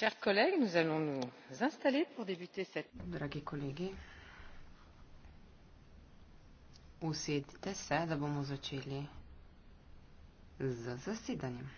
dragi kolegi, usedite se, da bomo začeli z zasedanjem.